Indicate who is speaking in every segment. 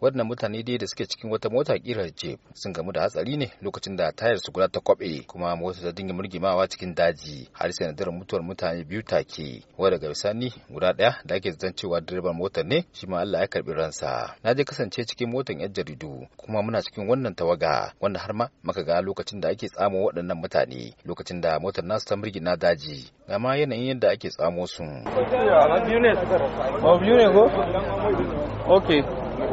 Speaker 1: waɗannan mutane dai da suke cikin wata mota kirar jeep sun gamu da hatsari ne lokacin da tayar su guda ta kwabe kuma mota ta dinga murgimawa cikin daji har sai nadar mutuwar mutane biyu take wa daga bisani guda ɗaya da ake zan cewa direban motar ne shi ma Allah ya karbi ransa na je kasance cikin motar yan jaridu kuma muna cikin wannan tawaga wanda har ma maka ga lokacin da ake tsamo waɗannan mutane lokacin da motar nasu ta murgina daji ga yanayin yadda ake tsamo su.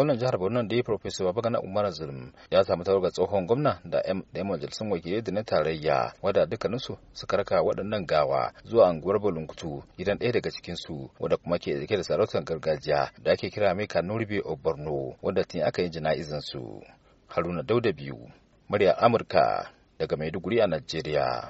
Speaker 1: gwamnan jihar borno da ya professor babagana umar zulum ya samu ga tsohon gwamna da yan majalisun wakilai da na tarayya wadda dukkaninsu suka raka waɗannan gawa zuwa anguwar Bolungutu idan ɗaya daga cikinsu wadda kuma ke zake da sarautar gargajiya da ake kira mai kanurbe borno wadda tun aka yi jana'izansu haruna dauda biyu murya amurka daga maiduguri a najeriya